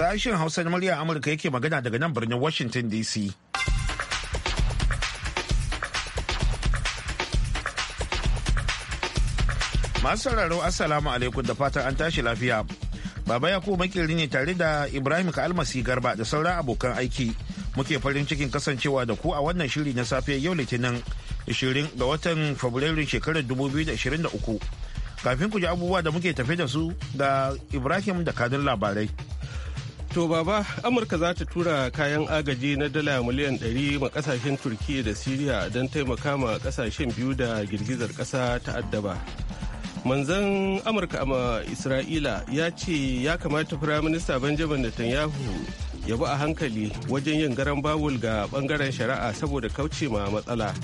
Sashen Hausa na murya Amurka yake magana daga nan birnin Washington DC. Masu sauraro Assalamu alaikum da fatan an tashi lafiya. Baba Yakubu makiri ne tare da Ibrahim Kalmasi Garba da sauran abokan aiki. Muke farin cikin kasancewa da ku a wannan shiri na safe yau Litinin 20 ga watan Fabrairu shekarar 2023. Kafin ku ji abubuwa da muke tafe da su ga Ibrahim da kadin labarai. To baba Amurka za ta tura kayan agaji na dala miliyan 100 ma kasashen Turkiyya da Siriya don taimaka ma kasashen biyu da girgizar kasa ta addaba. Manzan Amurka a Isra'ila ya ce ya kamata Firaminista Benjamin Netanyahu ya bi a hankali wajen yin garan bawul ga bangaren shari'a saboda kauce ma matsala.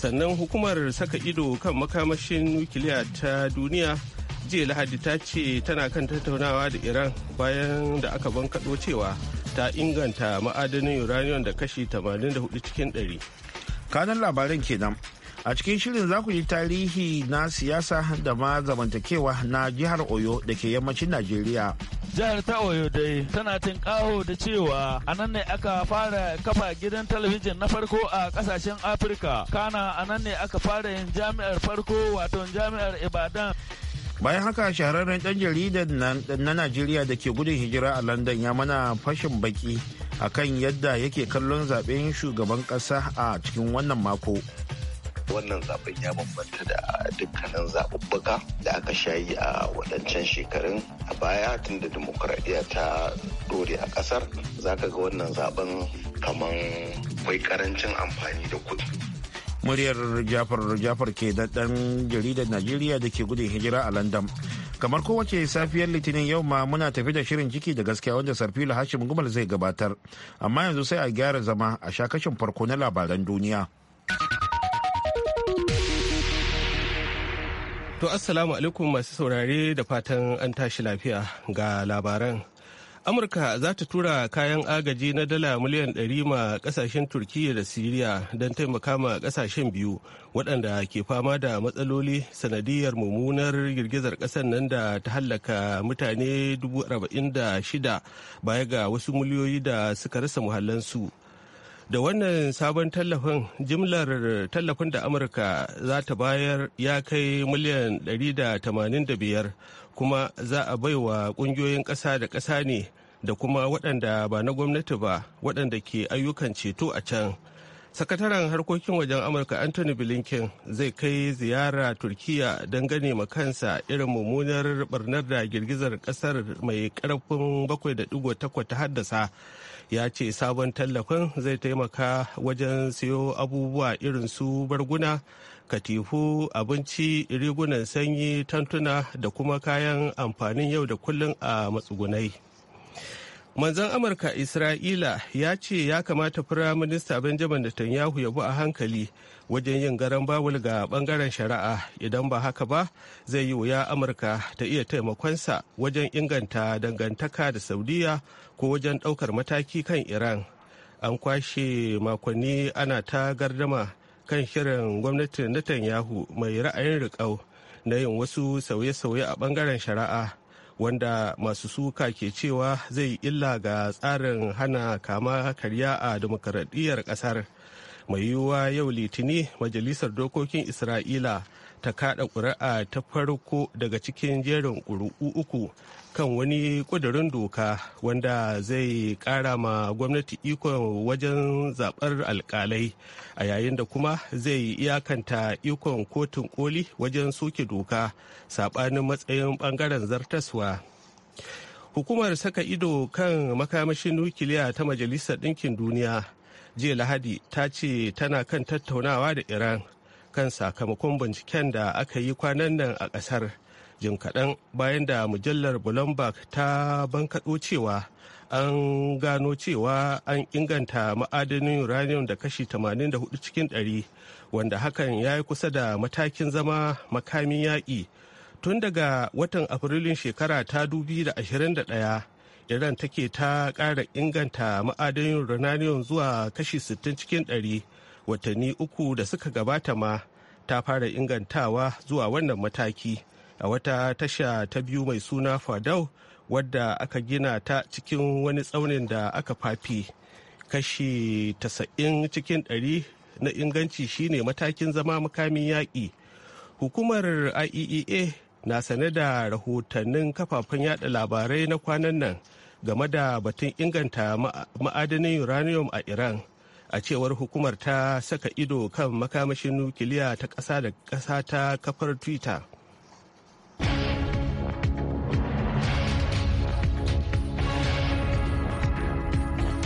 Sannan hukumar saka ido kan makamashin nukiliya ta duniya jiya lahadi ta ce tana kan tattaunawa da iran bayan da aka bankaɗo cewa ta inganta ma'adanin uranium da kashi 84 cikin 100 kanan labaran kenan a cikin shirin za ku ji tarihi na siyasa da ma zamantakewa na jihar oyo da ke yammacin najeriya jihar ta oyo dai tana tinkaho da cewa a nan ne aka fara kafa gidan talabijin na farko a kasashen afirka kana a nan ne aka fara yin jami'ar farko wato jami'ar ibadan bayan haka shahararren dan jaridar na najeriya da ke gudun hijira a london ya mana fashin baki kan yadda yake kallon zaben shugaban kasa a cikin wannan mako wannan zaben ya bambanta da dukkanin zaɓuɓɓuka da aka shayi a waɗancan shekarun a baya tun da demokuraɗiyya ta ɗore a ƙasar zaka ga wannan zaben kamar bai karancin amfani da kuɗi muryar jafar jafar ke dan jaridar najeriya da ke gudun hijira a london kamar kowace safiyar litinin yau ma muna tafi da shirin ciki da gaskiya wanda sarfila hashim gumal zai gabatar amma yanzu sai a gyara zama a sha kashin farko na labaran duniya to assalamu alaikum masu saurare da fatan an tashi lafiya ga labaran amurka za ta tura kayan agaji na dala miliyan ɗari ma kasashen turkiyya da siriya don taimaka ma kasashen biyu waɗanda ke fama da matsaloli sanadiyar mummunar girgizar ƙasar nan da ta hallaka mutane 46 baya ga wasu miliyoyi da suka rasa muhallansu da wannan sabon tallafin jimlar tallafin da amurka za ta bayar ya kai miliyan 185 kuma za a bai wa kungiyoyin ƙasa da ƙasa ne da kuma waɗanda ba na gwamnati ba waɗanda ke ayyukan ceto a can sakataren harkokin wajen amurka anthony blinken zai kai ziyara turkiya don gane ma kansa irin mummunar barnar da girgizar ƙasar mai karfin 7.8 ta haddasa ya ce sabon tallafin zai taimaka wajen siyo abubuwa irin su barguna katifu abinci rigunan sanyi tantuna da kuma kayan amfanin yau da kullum a matsugunai manzan amurka isra'ila ya ce ya kamata firaminista benjamin netanyahu ya bu a hankali wajen yin garan bawul ga bangaren shari'a idan ba haka ba zai yi wuya amurka ta iya taimakonsa wajen inganta dangantaka da saudiya ko wajen daukar mataki kan iran an kwashe makonni ana ta gardama kan shirin gwamnatin Netanyahu mai ra'ayin riƙau na yin wasu sauye-sauye a ɓangaren shari'a wanda masu suka ke cewa zai illa ga tsarin hana kama karya a demokaradiyyar ƙasar mai yiwuwa yau litini majalisar dokokin isra'ila ta kada ƙuri'a ta farko daga cikin jerin ƙuri'u uku kan wani ƙudurin doka wanda zai ƙara ma gwamnati ikon wajen zaɓar alƙalai a yayin da kuma zai iyakanta ikon kotun koli wajen soke doka saɓanin matsayin ɓangaren zartaswa hukumar saka ido kan makamashin nukiliya ta majalisar ɗinkin duniya jiya lahadi ta ce tana kan tattaunawa da iran kan sakamakon binciken da aka yi kwanan nan a ƙasar jin kaɗan bayan da mujallar bloomberg ta bankaɗo cewa an gano cewa an inganta ma'adanin uranium da kashi 84 cikin 100 wanda hakan ya yi kusa da matakin zama makamin yaƙi tun daga watan afrilun shekara ta 2021 iran take ta ƙara inganta ma'adanin uranium zuwa kashi 60 cikin watanni uku da suka gabata ma ta fara ingantawa zuwa wannan mataki a wata tasha ta biyu mai suna fadau wadda aka gina ta cikin wani tsaunin da aka fafi kashi 90 cikin 100 na inganci shine matakin zama makamin yaƙi hukumar IEA na sane da rahotannin kafafen yada labarai na kwanan nan game da batun inganta ma'adanin uranium a iran a cewar hukumar ta saka ido kan makamashin nukiliya ta ƙasa da ƙasa ta kafar twitter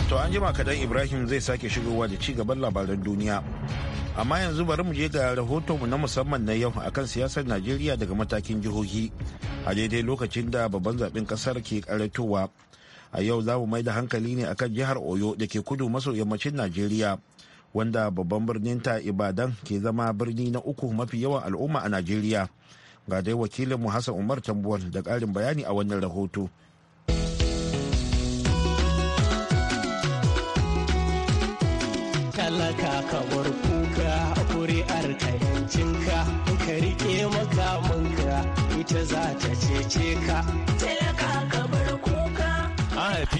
to an jima kadan ibrahim zai sake shigowa da ci gaban labaran duniya amma yanzu bari mu je ga rahotonmu na musamman na yau akan siyasar najeriya daga matakin jihohi a daidai lokacin da babban zaben kasar ke karatowa a yau za mu mai da hankali ne akan jihar oyo da ke kudu maso yammacin najeriya wanda babban birnin ta ibadan ke zama birni na uku mafi yawan al'umma a najeriya ga dai wakilin mu hassan umar tambuwal da ƙarin bayani a wannan rahoto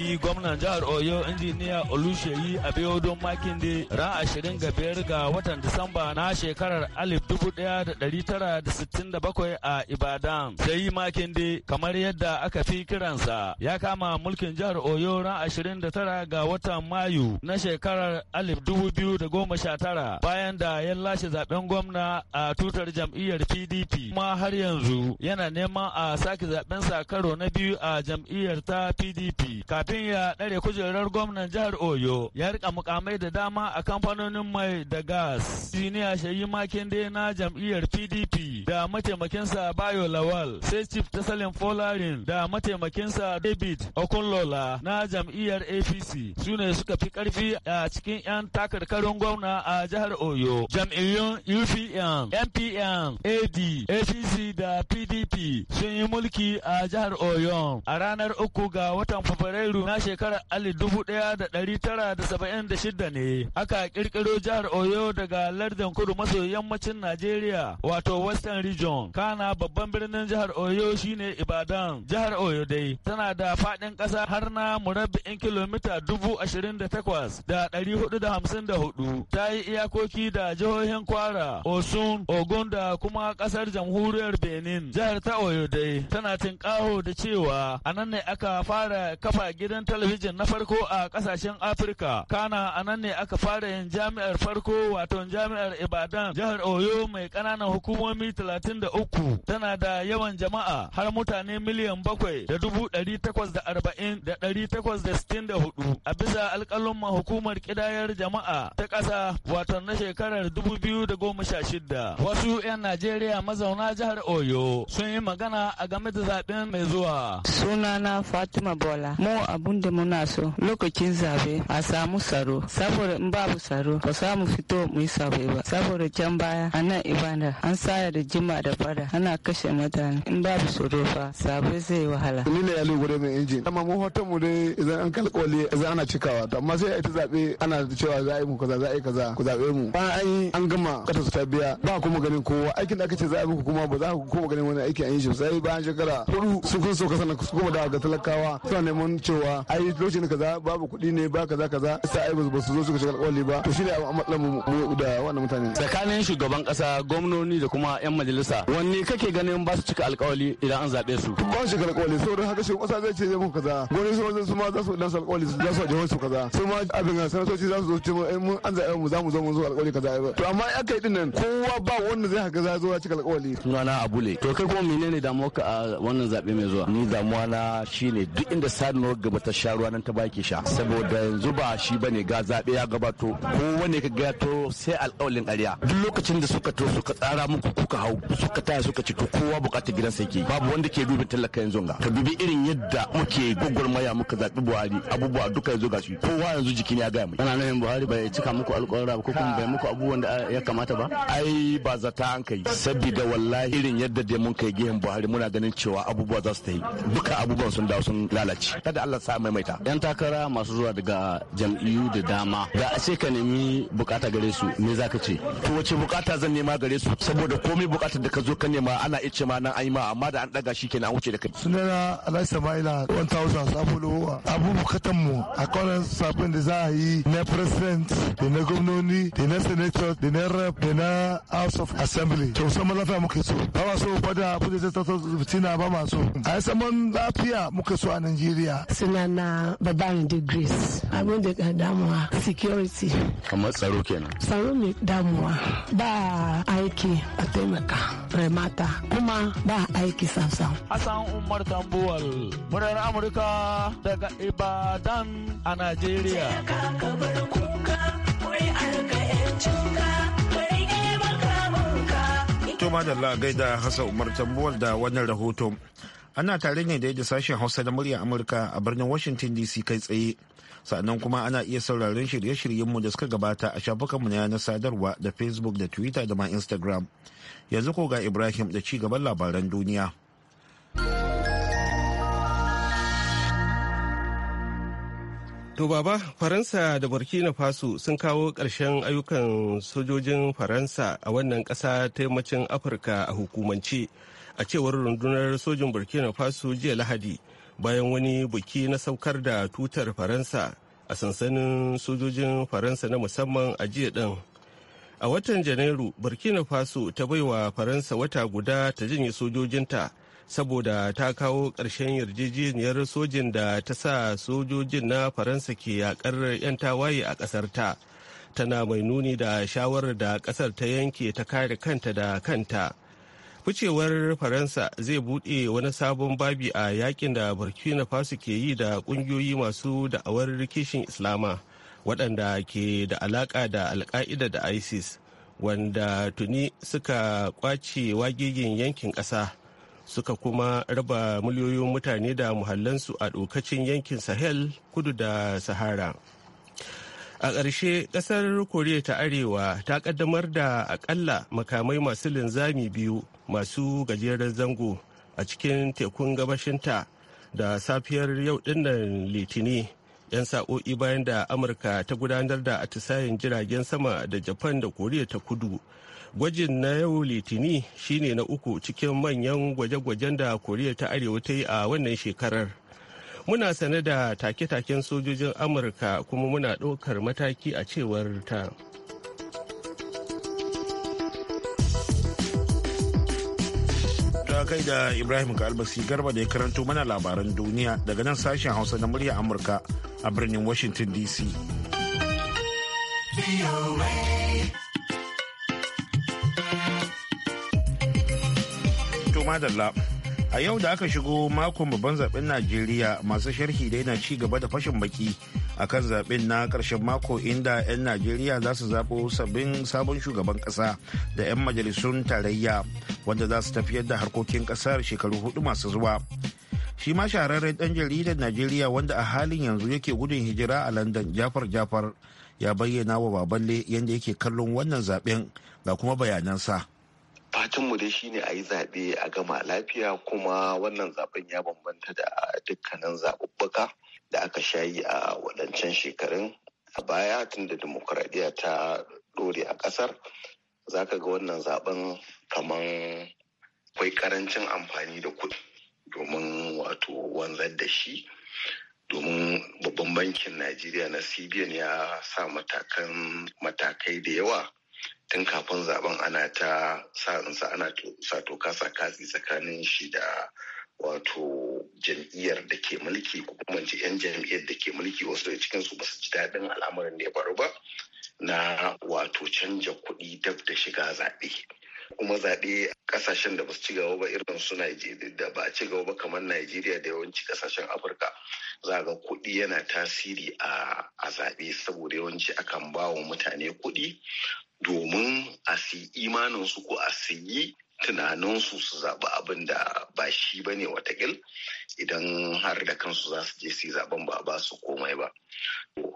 shi gwamnan jihar Oyo injiniya Olusheyi Abiodun Makinde ran ashirin ga biyar ga watan Disamba na shekarar alif dubu da da da tara sittin bakwai a Ibadan. Sai Makinde kamar yadda aka fi kiransa ya kama mulkin jihar Oyo ran ashirin da tara ga watan Mayu na shekarar alif dubu biyu da goma sha tara bayan da ya lashe zaben gwamna a tutar jam'iyyar PDP. Kuma har yanzu yana neman a sake zaben sa karo na biyu a jam'iyyar ta PDP. Kafin kafin ya ɗare kujerar gwamnan jihar Oyo ya rika mukamai da dama a kamfanonin mai da gas. Siniya Shayi Makinde na jam'iyyar PDP da mataimakinsa Bayo Lawal sai Chief Tasalin Folarin da mataimakinsa David Okunlola na jam'iyyar APC su ne suka fi karfi a cikin 'yan takarkarin gwamna a jihar Oyo. Jam'iyyun UPN, MPN, AD, APC da PDP sun yi mulki a jihar Oyo a ranar uku ga watan Fabrairu na shekarar alif dubu ɗaya da ɗari tara da saba'in da shida ne aka ƙirƙiro jihar oyo daga lardin kudu maso yammacin najeriya wato western region kana babban birnin jihar oyo shine ibadan jihar oyo dai tana da faɗin ƙasa har na murabba'in kilomita dubu ashirin da takwas da ɗari hudu da hamsin da hudu ta yi iyakoki da jihohin kwara osun ogun da kuma ƙasar jamhuriyar benin jihar ta oyo dai tana tinƙaho da cewa a nan ne aka fara kafa gidan gidajen talabijin na farko a kasashen Afirka. Kana a nan ne aka fara yin jami'ar farko wato jami'ar Ibadan jihar Oyo mai ƙananan hukumomi 33 tana da yawan jama'a har mutane miliyan bakwai da dubu ɗari takwas da arba'in da ɗari takwas da sittin da hudu a bisa alƙalumma hukumar kidayar jama'a ta ƙasa wato na shekarar dubu biyu da goma sha shida. Wasu 'yan Najeriya mazauna jihar Oyo sun yi magana a game da zaɓen mai zuwa. Sunana Fatima Bola. Mu abu abun da muna so lokacin zabe a samu tsaro saboda in babu tsaro ba samu fito mu yi zabe ba saboda can baya a nan ibada an saya da jima da fada ana kashe mutane in babu tsaro fa zabe zai wahala. Ni ne yali gure mai injin. Amma mu hoton mu dai idan an kalkwale idan ana cikawa to amma sai a ta zabe ana cewa za a yi mu kaza za a yi kaza ku zabe mu. ba an yi an gama kata su ta biya ba kuma ganin kowa aikin da aka ce za a yi muku kuma ba za ku kuma ganin wani aiki an yi shi sai bayan shekara hudu su kun so kasa na kuma da ga talakawa suna neman cewa ai lokacin kaza babu kuɗi ne ba kaza kaza sa ai ba su zo suka shiga alƙawari ba to shine a matsalar mu da wannan mutane tsakanin shugaban kasa gwamnoni da kuma yan majalisa wanne kake ganin ba su cika alƙawari idan an zaɓe su ba su cika alƙawari saboda haka shugaban kasa zai ce zai muku kaza gwamnoni su ma su ma za su dan su za su ajiyar su kaza su ma abin ga sanatoci za su zo ce mun an zaɓe mu za mu zo mun zo alƙawari kaza ba to amma aka yi dinnan kowa ba wanda zai haka za zo ya cika alƙawari sunana abule to kai kuma menene damuwarka a wannan zaɓe mai zuwa ni damuwa na shine duk inda sadarwar gaba ta sha ruwa nan ta baki sha saboda yanzu ba shi bane ga zabe ya gabato ko wani ka to sai alƙawalin ƙarya duk lokacin da suka to suka tsara muku kuka hau suka taya suka ci to kowa bukatar gidansa yake babu wanda ke dubin talaka yanzu ga ka dubi irin yadda muke gwagwarmaya muka zaɓi buhari abubuwa duka yanzu ga shi kowa yanzu jikin ya gaya mai ana nan buhari bai cika muku alƙawarra ba ko kuma bai muku abubuwan da ya kamata ba ai ba zata an kai saboda wallahi irin yadda da mun kai gehen buhari muna ganin cewa abubuwa za su ta yi duka abubuwan sun dawo sun lalace kada Allah sa maimaita yan takara masu zuwa daga jam'iyyu da dama da a ce ka nemi bukata gare su me zaka ce to wace bukata zan nema gare su saboda komai bukatar da ka zo ka nema ana ice ma nan an yi ma amma da an daga shi kenan an wuce da kai sunana alhaji sama'ila 1000 sabulu abubakatan mu a kwanan sabon da za a yi na president da na gwamnoni da na senator da na rep da na house of assembly to saman lafiya muke so ba ma so fada abin da ta tattauna ba ma so a yi saman lafiya muke so a nigeria na na Badarin de Grace. Abin da damuwa security. Kamar tsaro kenan. Tsaro ne damuwa. Ba aiki a taimaka. Remata kuma ba aiki samsam. Hassan Umar Tambuwal, murar Amurka daga Ibadan a nigeria. Tuma da kuka, da Hassan umar tambuwal da wannan rahoton ana tare ne da sashen hausa da murya amurka a birnin washington dc kai tsaye sannan kuma ana iya sauraron shirye-shiryenmu da suka gabata a shafukanmu na yanar sadarwa da facebook da twitter da ma instagram yanzu ko ga ibrahim da ci gaban labaran duniya To baba, Faransa da Burkina Faso sun kawo ƙarshen ayyukan sojojin Faransa a wannan ƙasa ta yammacin Afirka a hukumance. a cewar rundunar sojin burkina faso jiya lahadi bayan wani buki na saukar da tutar faransa a sansanin sojojin faransa na musamman a jiya din a watan janairu burkina faso ta baiwa faransa wata guda ta janye sojojinta saboda ta kawo ƙarshen yarjejeniyar sojin da ta sa sojojin na faransa ke yakar 'yan tawaye a ƙasar ta tana mai nuni da shawarar da ƙasar ta yanke ta kare kanta da kanta ficewar faransa zai buɗe wani sabon babi a yakin da burkina faso ke yi da ƙungiyoyi masu da'awar kishin islama waɗanda ke da alaƙa da alka'ida da isis wanda tuni suka kwace wagigin yankin ƙasa suka kuma raba miliyoyin mutane da muhallansu a ɗokacin yankin sahel kudu da sahara a ƙarshe ƙasar koriya ta arewa ta ƙaddamar da aƙalla makamai masu linzami biyu masu gajeren zango a cikin tekun gabashinta da safiyar yau dinnan litini yan sa'o'i bayan da amurka ta gudanar da atisayen jiragen sama da japan da koriya ta kudu gwajin na yau litini shine na uku cikin manyan gwaje-gwajen da koriya ta arewa ta yi a wannan shekarar muna sane da take-taken sojojin amurka kuma muna ɗaukar mataki a cewar ta kai da ibrahim kalbasi garba da ya karanto mana labaran duniya daga nan sashen hausa na murya amurka a birnin washington dc to madalla a yau da aka shigo makon babban zaben najeriya masu sharhi dai na ci gaba da fashin baki a kan zaben na karshen mako inda 'yan najeriya za su zaɓo sabbin sabon shugaban ƙasa da 'yan majalisun tarayya wanda za su tafiyar da harkokin ƙasar shekaru hudu masu zuwa shi ma shahararren dan jaridar najeriya wanda a halin yanzu yake gudun hijira a london jafar jafar ya bayyana wa baballe yadda yake kallon wannan zaben ga kuma bayanansa. fatanmu dai shine a yi zaɓe a gama lafiya kuma wannan zaɓen ya bambanta da dukkanin zaɓuɓɓuka da aka sha yi a waɗancan shekarun a baya tun da demokuraɗiyya ta ɗore a ƙasar za ka ga wannan zaɓen kaman kwai ƙarancin amfani da kuɗi domin wato wanzar da shi domin babban bankin najeriya na cbn ya sa matakan matakai da yawa tun kafin zaben ana ta sa'insa ana sa toka sa katsi tsakanin shi da wato jam'iyyar da ke mulki ko kuma ce 'yan jam'iyyar da ke mulki wasu da cikin su basu ji daɗin al'amarin da ya faru ba na wato canja kuɗi dab da shiga zaɓe kuma zaɓe ƙasashen da ba su ci gaba ba irin su Najeriya da ba a ci gaba ba kamar Najeriya da yawanci ƙasashen Afirka za ga kuɗi yana tasiri a a zaɓe saboda yawanci akan ba wa mutane kuɗi domin a siyi imaninsu ko a siyi tunaninsu su zaɓi abin da ba shi ba ne watakil idan har da kansu za su je su yi zaɓen ba a ba su komai ba.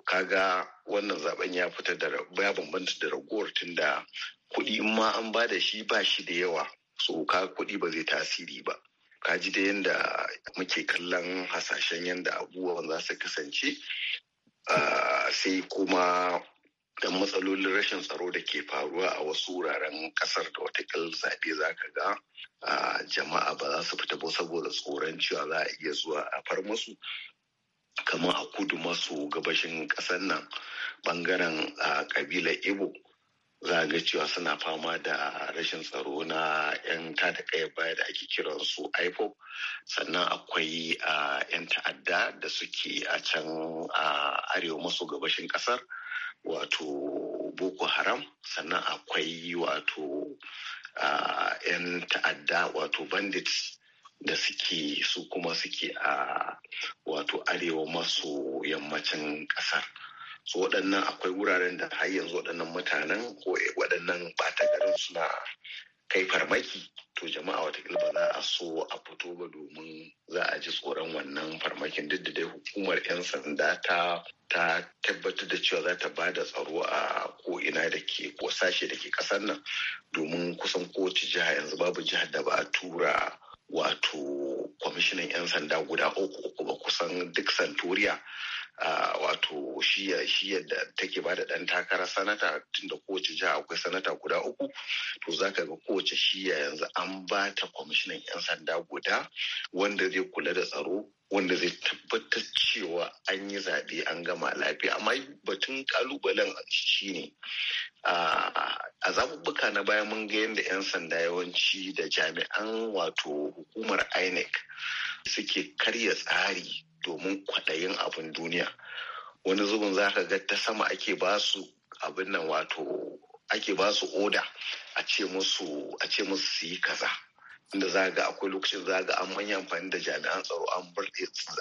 kaga wannan zaben ya fitar da ya bambanta da ragowar tunda kuɗi in ma an ba da shi ba shi da yawa so ka kuɗi ba zai tasiri ba ka ji da yadda muke kallon hasashen yadda abubuwan za su kasance sai kuma da matsalolin rashin tsaro da ke faruwa a wasu wuraren kasar da watakil zaɓe za ka ga jama'a ba za su fita ba saboda tsoron cewa za a iya zuwa a far masu kamar a kudu maso gabashin ƙasar nan bangaren kabilar ibo za ga cewa suna fama da rashin tsaro na 'yan da kai baya da ake kiran su ipop sannan akwai 'yan ta'adda da suke a can arewa maso gabashin kasar wato boko haram sannan akwai wato 'yan ta'adda wato bandits da suke su kuma suke a wato arewa maso yammacin kasar so waɗannan akwai wuraren da har yanzu waɗannan mutanen ko eh, waɗannan ɓata garin suna kai farmaki to jama'a wata ba za a so a fito ba domin za a ji tsoron wannan farmakin duk da dai hukumar 'yan sanda ta tabbatar da cewa za ta ba da tsaro a ko'ina da ke ko sashe da ke ƙasar nan domin kusan kowace jiha yanzu babu jihar da ba a tura wato kwamishinan 'yan sanda guda uku ba kusan duk santoria. wato shiya shiya da take ba da ɗan takara sanata tun da kowace jiha akwai sanata guda uku to za ka ga kowace shiya yanzu an ba ta kwamishinan 'yan sanda guda wanda zai kula da tsaro wanda zai tabbatar cewa an yi zaɓe an gama lafiya amma batun kalubalen shi ne a zaɓuɓɓuka na baya mun ga yadda 'yan sanda yawanci da jami'an wato hukumar inec suke karya tsari domin kwaɗayin abin duniya wani zubin za ka ga ta sama ake ba su abin nan wato ake ba su oda a ce musu su yi kaza inda za ga akwai lokacin za ga an manya amfani da jami'an tsaro an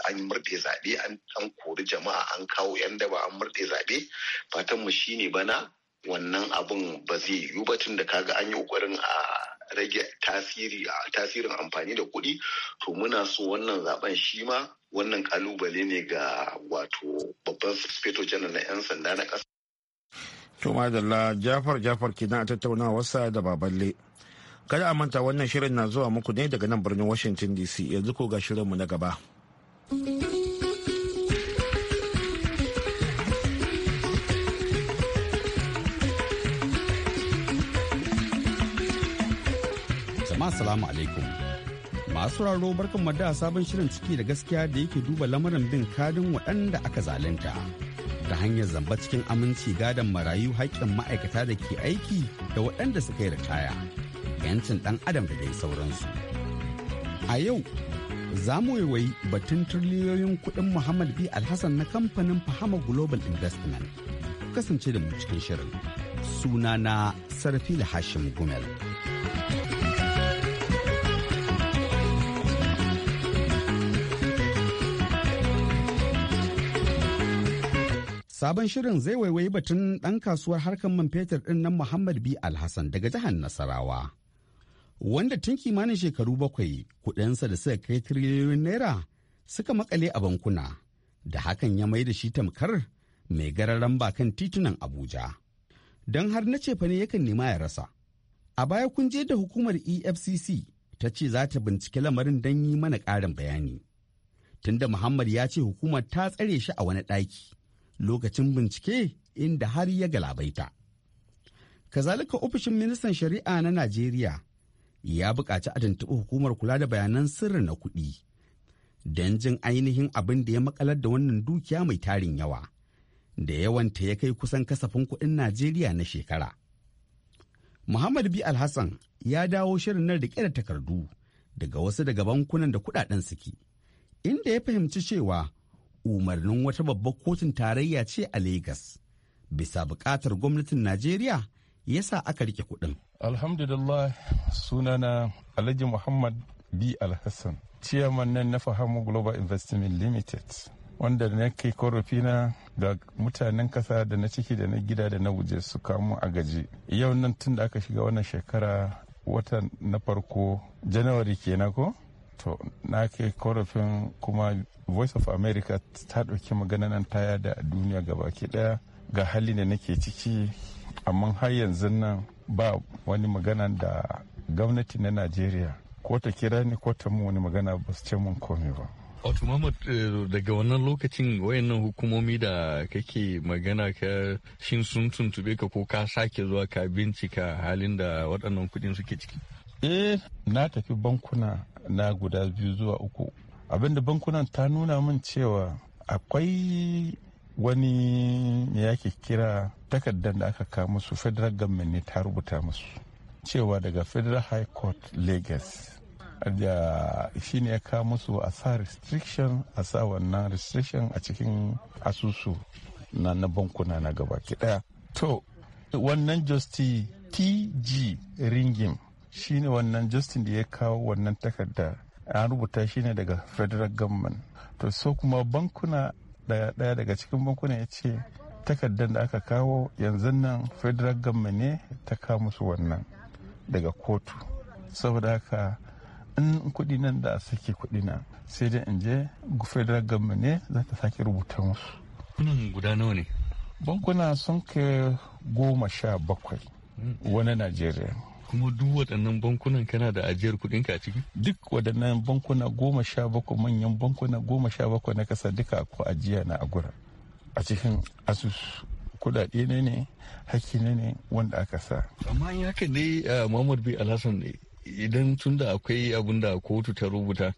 an murɗe zaɓe an kori jama'a an kawo yan daba an murɗe zaɓe fatan mu shine bana wannan abun ba zai yiwu ba tun da kaga an yi ƙoƙarin a rage tasirin amfani da kuɗi to muna so wannan zaben shi ma wannan kalubale ne ga wato babban feto janar na 'yan sanda na kasa. to madalla jafar jafar kenan a wasa da baballe kada a manta wannan shirin na zuwa muku ne daga nan birnin washington dc yanzu ko ga shirinmu na gaba jama'a alaikum Masu raro barkan da sabon shirin ciki da gaskiya da yake duba lamarin bin kadin waɗanda aka zalunta. Da hanyar zamba cikin aminci gadon marayu haƙƙin ma'aikata da ke aiki da waɗanda suka yi ritaya. 'Yancin ɗan adam da dai sauransu. A yau, za mu waiwayi batun tiriliyoyin kuɗin Muhammad B. Alhassan na kamfanin Fahama Global Investment. Kasance da mu cikin shirin. Sunana Sarfila Hashim Gumel. Sabon shirin zai waiwayi batun ɗan kasuwar harkar man fetur ɗin nan Muhammad B. Alhassan daga jihar Nasarawa. Wanda tun kimanin shekaru bakwai kuɗinsa da suka kai tiriliyoyin naira suka makale a bankuna da hakan ya mai da shi tamkar mai gararan bakan titunan Abuja. Don har na cefa ne yakan nema ya rasa. A baya kun je da hukumar EFCC ta ce za ta binciki lamarin don yi mana ƙarin bayani. Tunda Muhammad ya ce hukumar ta tsare shi a wani ɗaki. lokacin bincike inda har ya galabaita. Kazalika ofishin ministan shari'a na Najeriya ya buƙaci a tuntuɓi hukumar kula da bayanan sirri na kuɗi don jin ainihin abin da ya makalar da wannan dukiya mai tarin yawa da yawanta ya kai kusan kasafin kuɗin Najeriya na shekara. Muhammad B. Alhassan ya dawo shirin na riƙe da takardu daga wasu daga bankunan da kuɗaɗen suke, inda ya fahimci cewa umarnin wata babbar kotun tarayya ce a Legas. Bisa bukatar gwamnatin Najeriya yasa aka rike kuɗin. Alhamdulillah sunana Alhaji Muhammad B. Alhassan, ciyaman nan na Fahamu Global Investment Limited, wanda na kai korofina ga mutanen kasa da na ciki da na gida da na waje su kamu a gaji. Yau nan tun da aka shiga wannan shekara watan na farko Janawari kenan ko? to na kai korafin kuma voice of america ta ɗauki magana nan ta yada a duniya gabaki ɗaya ga hali da nake ciki amma har yanzu nan ba wani magana da gwamnati na najeriya ko ta kira ni ko ta mu wani magana ba su ce mun komai ba Wato Muhammad eh, daga wannan lokacin wayannan hukumomi da kake magana ka shin sun tuntube ka ko ka sake zuwa ka bincika halin da waɗannan kuɗin suke ciki? Eh, na tafi bankuna na guda biyu zuwa uku abinda bankunan ta nuna min cewa akwai wani yake kira takardar da aka kawo musu federal government ne ta rubuta musu cewa daga federal high court lagos da shi ne ya kawo musu a sa restriction a sa wannan restriction a cikin asusu na na bankuna na gaba daya to wannan justi tg ringim shine wannan justin da ya kawo wannan takarda an rubuta shi ne daga federal government to so kuma bankuna daya daga cikin bankuna ya ce takardar da aka kawo yanzu nan federal government ne ta kawo musu wannan daga kotu saboda haka in kudi nan da a sake kudi na sai dai in je federal government ne za ta sake rubuta musu kunan guda nawa ne bankuna sun kai goma sha bakwai hmm. wani najeriya kuma duk waɗannan bankunan kana da ajiyar kuɗin ka a ciki duk waɗannan bankuna goma sha bakwai manyan bankuna goma sha bakwai na ƙasa duka ko ajiya na agura a cikin asus kuɗaɗe ne ne hakki ne ne wanda aka sa amma in haka ne muhammad bin alhassan idan tun da akwai abin da kotu ta rubuta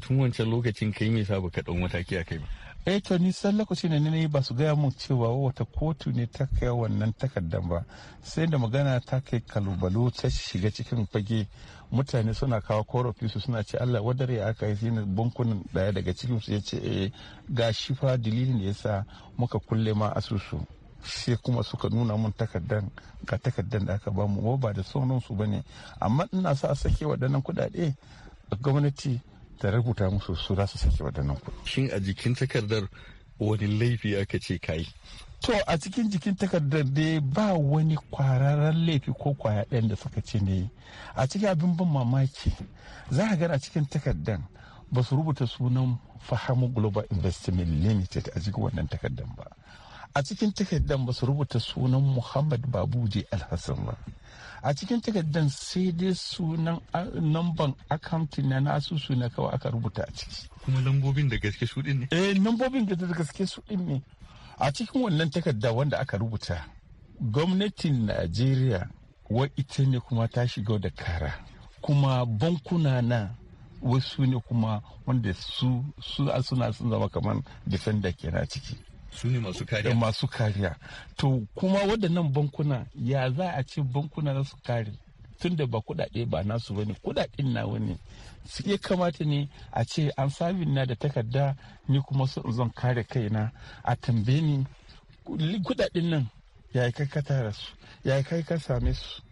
tun wancan lokacin kai me sa baka ɗau mataki a kai ba eh to ni san shi ne na ba su gaya mun cewa wata kotu ne ta kai wannan takardar ba sai da magana ta kai kalubalo ta shiga cikin fage mutane suna kawo korofi su suna ce Allah wadare aka yi ne bankunan daya daga cikin su ya ce eh ga shi fa dalilin da yasa muka kulle ma asusu sai kuma suka nuna mun takardar ga takardar da aka bamu ba da sonon su bane amma ina sa a sake waɗannan kuɗaɗe gwamnati ta rubuta musu su za su saki waɗannan kuɗi. Shin a jikin takardar wani laifi aka ce kayi? To a cikin jikin takardar dai ba wani kwararren laifi ko kwaya ɗayan da suka ce ne a cikin abin ban mamaki za a gana cikin takardar ba su rubuta sunan fahamu global investment limited a cikin wannan takardar ba a cikin takardar ba su rubuta sunan muhammad babuje alhassan ba a cikin takardar sai dai sunan ah, namban akamtin na nasu suna kawai aka rubuta a ciki kuma lambobin da gaske su ne eh lambobin da gaske su ne a cikin wannan takarda wanda aka rubuta gwamnatin najeriya wa ita ne kuma ta shiga da kara kuma bankuna na wasu ne kuma wanda su suna sun zama kamar defender kenan ciki su ne masu kariya masu kariya to kuma waɗannan bankuna ya za a ce bankuna za su kare tunda ba kuɗaɗe ba nasu bane kudaden na wani su iya kamata ne a ce an sabin na da takarda ni kuma su zan kare na a tambaye ni kudaden nan ya yi ka tara su ya kai ka same su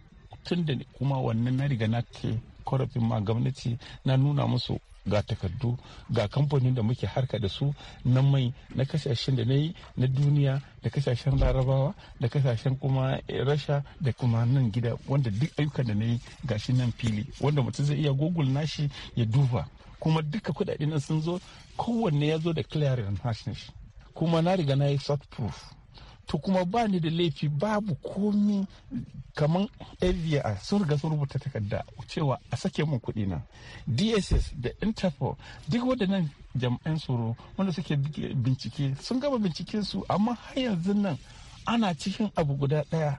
tunda kuma wannan na riga na ke korafin ma gwamnati na nuna musu ga takardu ga kamfanin da muke harka da su na mai na kasashen da na yi na duniya da kasashen larabawa da kasashen kuma rasha da kuma nan gida wanda duk ayyukan da na yi ga shi nan fili wanda mutum zai iya google nashi ya duba kuma duka kudaden sun zo kowanne ya zo da clearing hashish kuma na riga na yi soft proof to kuma ba ni da laifi babu komi kamar avia sun riga sun rubuta takarda cewa a sake mun kuɗi na dss da interpol duk waɗannan jam'an tsoro wanda suke bincike sun gama binciken su amma har yanzu nan ana cikin abu guda ɗaya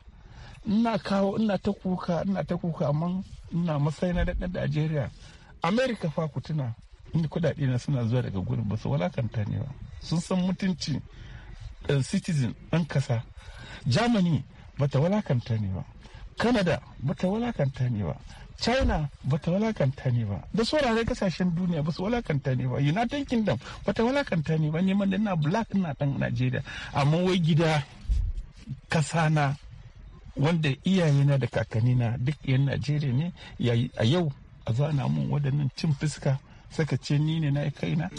ina kawo ina ta kuka ina ta kuka amma ina matsayi na daɗin najeriya america fa ku tuna inda kuɗaɗe na suna zuwa daga gurin basu su walakanta ne ba sun san mutunci ɗan citizen ɗan kasa germany bata walakanta ne ba canada bata walakanta ne ba china bata walakanta ne ba da saurare kasashen duniya ba su walakanta ne ba united kingdom bata walakanta ne ba neman da na black na ɗan nigeria amma wai gida kasa na wanda iyayena da kakannina duk yan nigeria ne a yau a zana mun waɗannan cin fuska sakace ni ne na kaina.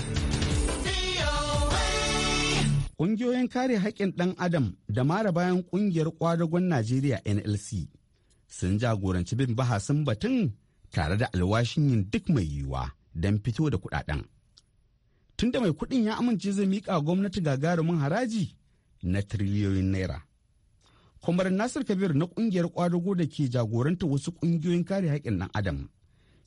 Ƙungiyoyin kare haƙƙin ɗan Adam da mara bayan ƙungiyar ƙwadagon Najeriya NLC sun jagoranci bin bahasin batun tare da alwashin yin duk mai yiwuwa don fito da kuɗaɗen. Tunda mai kuɗin ya amince zai miƙa gwamnati gagarumin haraji na tiriliyoyin naira. Kwamar Nasir Kabir na ƙungiyar ƙwadago da ke jagoranta wasu ƙungiyoyin kare haƙƙin ɗan Adam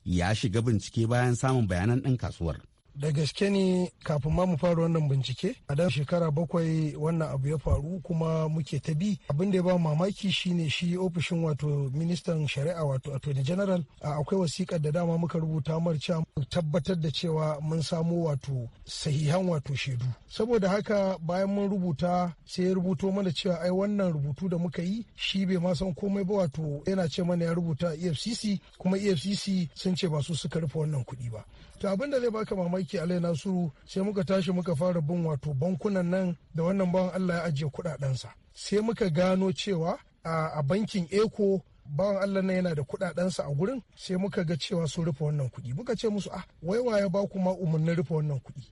ya shiga bincike bayan samun bayanan ɗan kasuwar. da gaske ne kafin ma mu fara wannan bincike a dan shekara bakwai wannan abu ya faru kuma muke ta bi abin da ya ba mamaki shine shi ofishin wato ministan shari'a wato attorney general akwai wasikar da dama muka rubuta mar cewa tabbatar da cewa mun samo wato sahihan wato shaidu saboda haka bayan mun rubuta sai ya rubuto mana cewa ai wannan rubutu da muka yi shi bai ma san komai ba wato yana ce mana ya rubuta efcc kuma efcc sun ce ba su suka rufe wannan kuɗi ba to abin da zai baka mamaki sarki alai nasuru sai muka tashi muka fara bin wato bankunan nan da wannan bawan allah ya ajiye kuɗaɗensa sai muka gano cewa a bankin eco bawan Allah nan yana da kuɗaɗensa a gurin sai muka ga cewa sun rufe wannan kuɗi muka ce musu ah wai waye ba kuma umarnin rufe wannan kuɗi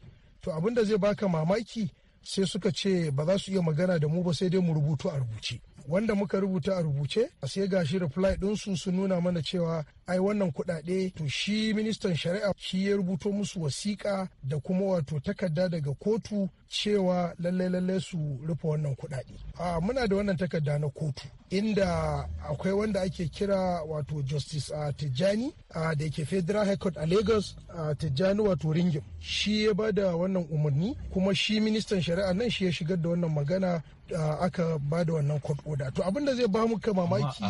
to abin da zai baka mamaki sai suka ce ba za su iya magana da mu ba sai dai mu rubutu a rubuce wanda muka rubuta a rubuce a sai gashi reply ɗinsu sun nuna mana cewa ai wannan kuɗaɗe to shi ministan shari'a shi ya rubuto musu wasiƙa da kuma wato takarda daga kotu cewa lalle lalle su rufe wannan kuɗaɗe. A muna da wannan takarda na kotu inda akwai wanda ake kira wato Justice a Tijjani da ke Federal High Court a Lagos a Tijjani wato Ringim. Shi ya ba da wannan umarni kuma shi ministan shari'a nan shi ya shigar da wannan magana aka ba da wannan court order. To abin da zai ba muka mamaki.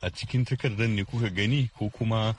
A cikin takardar ne kuka gani ko kuma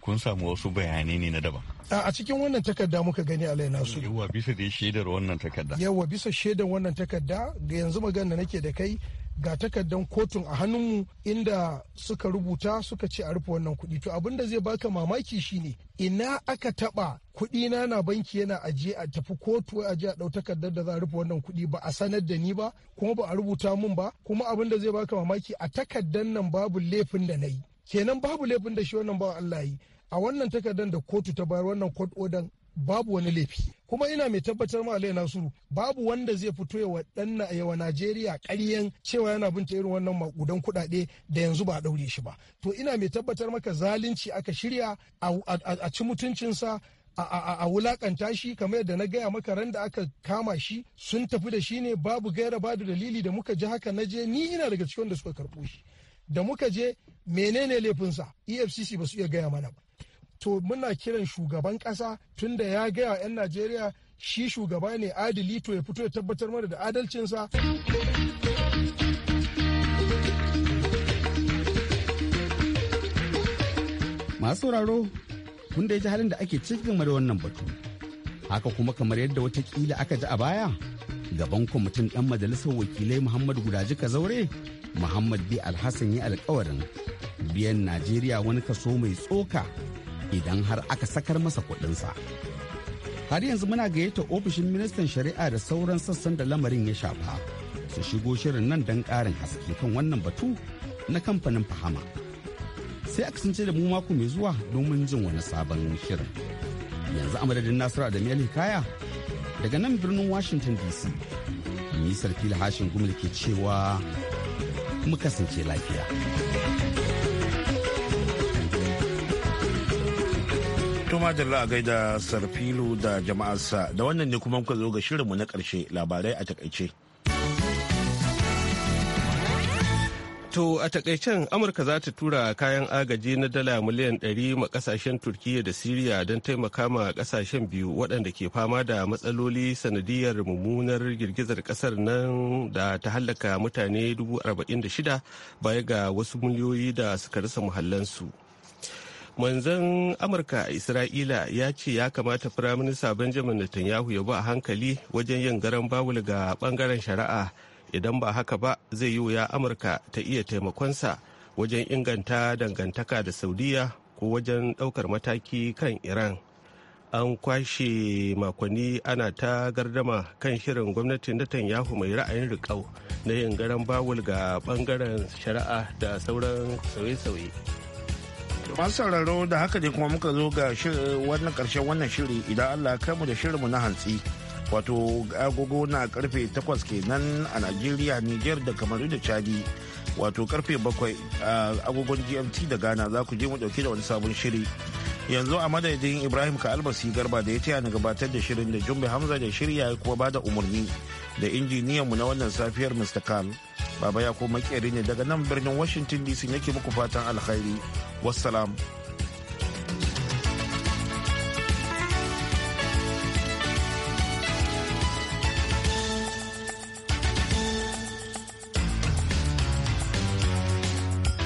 kun samu wasu bayanai ne na daban a cikin wannan takarda muka gani a laina su. yawa bisa da shaidar wannan takarda yawa bisa shaidar wannan takarda ga yanzu magana nake da kai ga takardan kotun a hannunmu inda suka rubuta suka ce a rufe wannan kuɗi to abin da zai baka mamaki shine ina aka taɓa kuɗi na na banki yana ajiye a tafi kotu a ajiye a ɗau takardar da za a rufe wannan kuɗi ba a sanar da ni ba kuma ba a rubuta mun ba kuma abin da zai baka mamaki a takardan nan babu laifin da na yi kenan babu laifin da shi wannan bawan Allah yi a wannan takardar da kotu ta bayar wannan court order babu wani laifi kuma ina mai tabbatar ma Alai Nasiru babu wanda zai fito ya wadanna yawa Najeriya ƙaryen cewa yana binta irin wannan makudan kuɗaɗe da yanzu ba a ɗaure shi ba to ina mai tabbatar maka zalunci aka shirya a ci mutuncinsa a wulakanta shi kamar yadda na gaya maka ran da aka kama shi sun tafi da shi ne babu gaira babu dalili da muka ji haka na je ni ina daga cikin da suka karɓo shi da muka je menene laifinsa efcc ba su iya gaya mana ba to muna kiran shugaban kasa tun da ya gaya 'yan najeriya shi shugaba ne adali to ya fito ya tabbatar mana da adalcinsa masu sauraro kun da ji halin da ake cikin da wannan batu haka kuma kamar yadda watakila aka ji a baya gaban kwamitin ɗan majalisar wakilai muhammadu ka zaure muhammad b alhassan ya alkawarin biyan najeriya wani kaso mai tsoka idan har aka sakar masa kuɗinsa har yanzu muna gayyata ofishin ministan shari'a da sauran sassan da lamarin ya shafa su shigo shirin nan don ƙarin haske kan wannan batu na kamfanin fahama sai a kasance da mu mako mai zuwa domin jin wani sabon shirin yanzu a madadin nasiru da hikaya kaya daga nan birnin Washington DC. muyi fil hashin gumul ke cewa mu kasance lafiya. Tuma da a gaida Sarfilu da jama'arsa da wannan ne kuma muka zo ga shirinmu na ƙarshe labarai a takaice. To a takaicen Amurka za ta tura kayan agaji na dala miliyan 100 ma kasashen Turkiyya da Siriya don taimaka ma kasashen biyu waɗanda ke fama da matsaloli sanadiyar mummunar girgizar ƙasar nan da ta hallaka mutane 46 baya ga wasu miliyoyi da suka rasa muhallansu. manzan amurka a isra'ila ya ce ya kamata firaminista benjamin netanyahu ya ba hankali wajen yin garan bawul ga bangaren shari'a idan ba haka ba zai yi wuya amurka ta iya taimakonsa wajen inganta dangantaka da saudiya ko wajen ɗaukar mataki kan iran an kwashe makonni ana ta gardama kan shirin gwamnatin yahu mai ra'ayin riƙau na yin garan bawul ga bangaren shari'a da sauran sauye-sauye. masu sauraro da haka ne kuma muka zo ga wannan karshen wannan shiri idan allah kai mu da shirinmu na hantsi wato agogo na karfe 8 kenan a najeriya niger da kamaru da chadi wato karfe 7 agogon gmt da ghana za ku je mu dauke da wani sabon shiri yanzu a madadin ibrahim ka albasi garba da ya taya na gabatar da shirin da jumbe hamza da shirya ya kuma bada umarni da injiniyan mu na wannan safiyar mr kal baba ya kuma makeri ne daga nan birnin washington dc nake muku fatan alkhairi wassalam